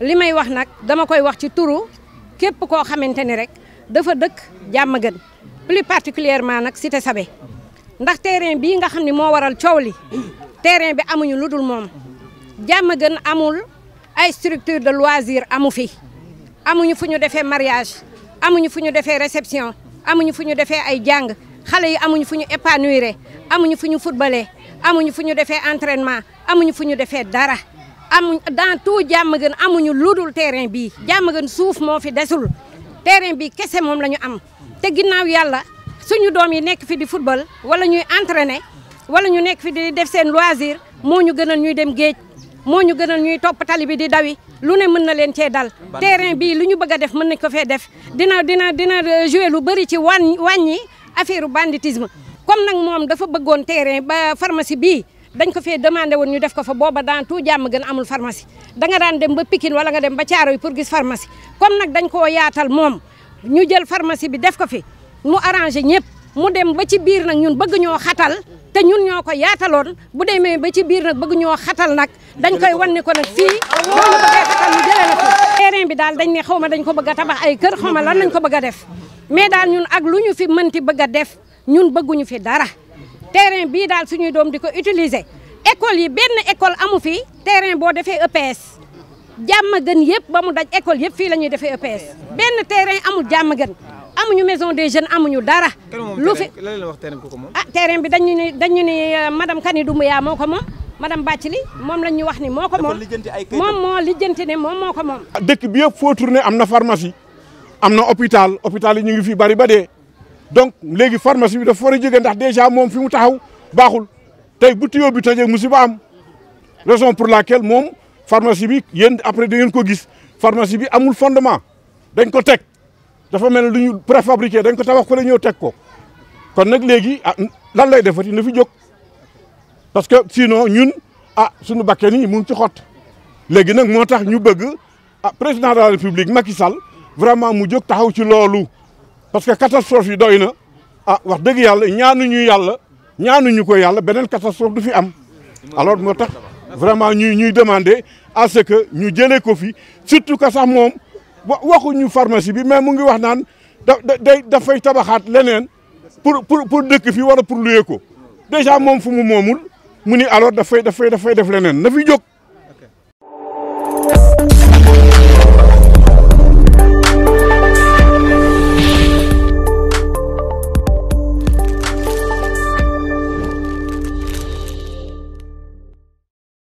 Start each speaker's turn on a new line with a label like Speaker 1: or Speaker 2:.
Speaker 1: li may wax nag dama koy wax ci turu képp koo xamante ni rek dafa dëkk jàmm gën plus particulièrement nag cité Sabé ndax terrain bii nga xam ne moo waral coow li terrain bi amuñu lu dul moom jàmm gën amul ay structure de loisir amu fi amuñu fu ñu defee mariage amuñu fu ñu defee réception amuñu fu ñu defee ay jàng xale yi amuñu fu ñu épanouir amuñu fu ñu footballé amuñu fu ñu defee entraînement amuñu fu ñu defee dara amuñ dans jàmm gën amuñu ludul terrain bii jàmm gën suuf moo fi desul terrain bii kese moom la ñu am te ginnaaw yàlla suñu doom yi nekk fi di football wala ñuy entraîner wala ñu nekk fi di def seen loisir moo ñu gënal ñuy dem géej moo ñu gënal ñuy topp tali bi di dawi lu ne mën na leen cee dal terrain bii lu ñu bëgg a def mën nañ ko fee def dina dina dina euh, joué lu bëri ci wàññi wàññi affaire banditisme comme nag moom dafa bëggoon terrain ba pharmacie bii dañ ko fee demandé woon ñu def ko fa booba daan tout jàmm gën amul pharmacie danga daan dem ba Pikine wala nga dem ba yi pour gis pharmacie comme nag dañ koo yaatal moom ñu jël pharmacie bi def ko fi mu arrangé ñëpp mu dem ba ci biir nag ñun bëgg ñoo xatal te ñun ñoo ko yaataloon bu demee ba ci biir nag bëgg ñoo xatal nag dañ koy wan ko nag fii loolu bi daal dañ ne xaw ma dañ ko bëgg a tabax ay kër xaw ma lan lañ ko bëgg a def mais daal ñun ak lu ñu fi mënti bëgg a def ñun bëgguñu fi dara terrain bii daal suñuy doom di ko utiliser école yi benn école amu fi terrain boo defee EPS jàmm gën yëpp ba mu daj école yëpp fii la ñuy defee EPS benn terrain amul jàmm gën amuñu maison des jeunes amuñu dara. lu fi lan la wax terrain bi ko moom. ah terrain bi dañu ni dañu ni euh, madame Kani Doumbouya moo ko moom madame Bathily moom lañ ñu wax ni moo ko moom moom moo lijjanti ne moom moo ko moom.
Speaker 2: dëkk bi yëpp foo tourné am na pharmacie am na hôpital hôpital yi ñu ngi fi bari ba dee. donc léegi pharmacie bi dafa war a jógee ndax déjà moom fi mu taxaw baaxul tey bu tuyoo bi tojee musiba am raison pour la laquelle moom pharmacie bi yéen après da ngeen ko gis pharmacie bi amul fondement dañ ko teg dafa mel ne lu ñu préfabriqué dañ ko tabax ko la ñëw teg ko kon nag léegi ah lan lay defati na fi jóg parce que sinon ñun ah suñu bakkee nii mu ngi ci xott léegi nag moo tax ñu bëgg a ah, président de la république Macky Sall vraiment mu jóg taxaw ci loolu parce que catastrophe yi doy na ah wax dëgg yàlla ñaanuñu yàlla ñu ko yàlla beneen catastrophe du fi am alors moo tax vraiment ñuy ñuy demander à que ñu jëlee ko fi surtout que sax moom waxuñu pharmacie bi mais mu ngi wax naan da day dafay tabaxaat leneen pour pour pour dëkk fi wara pour luye ko déjà moom fu mu moomul mu ni alors dafay dafay dafay def leneen na fi jóg.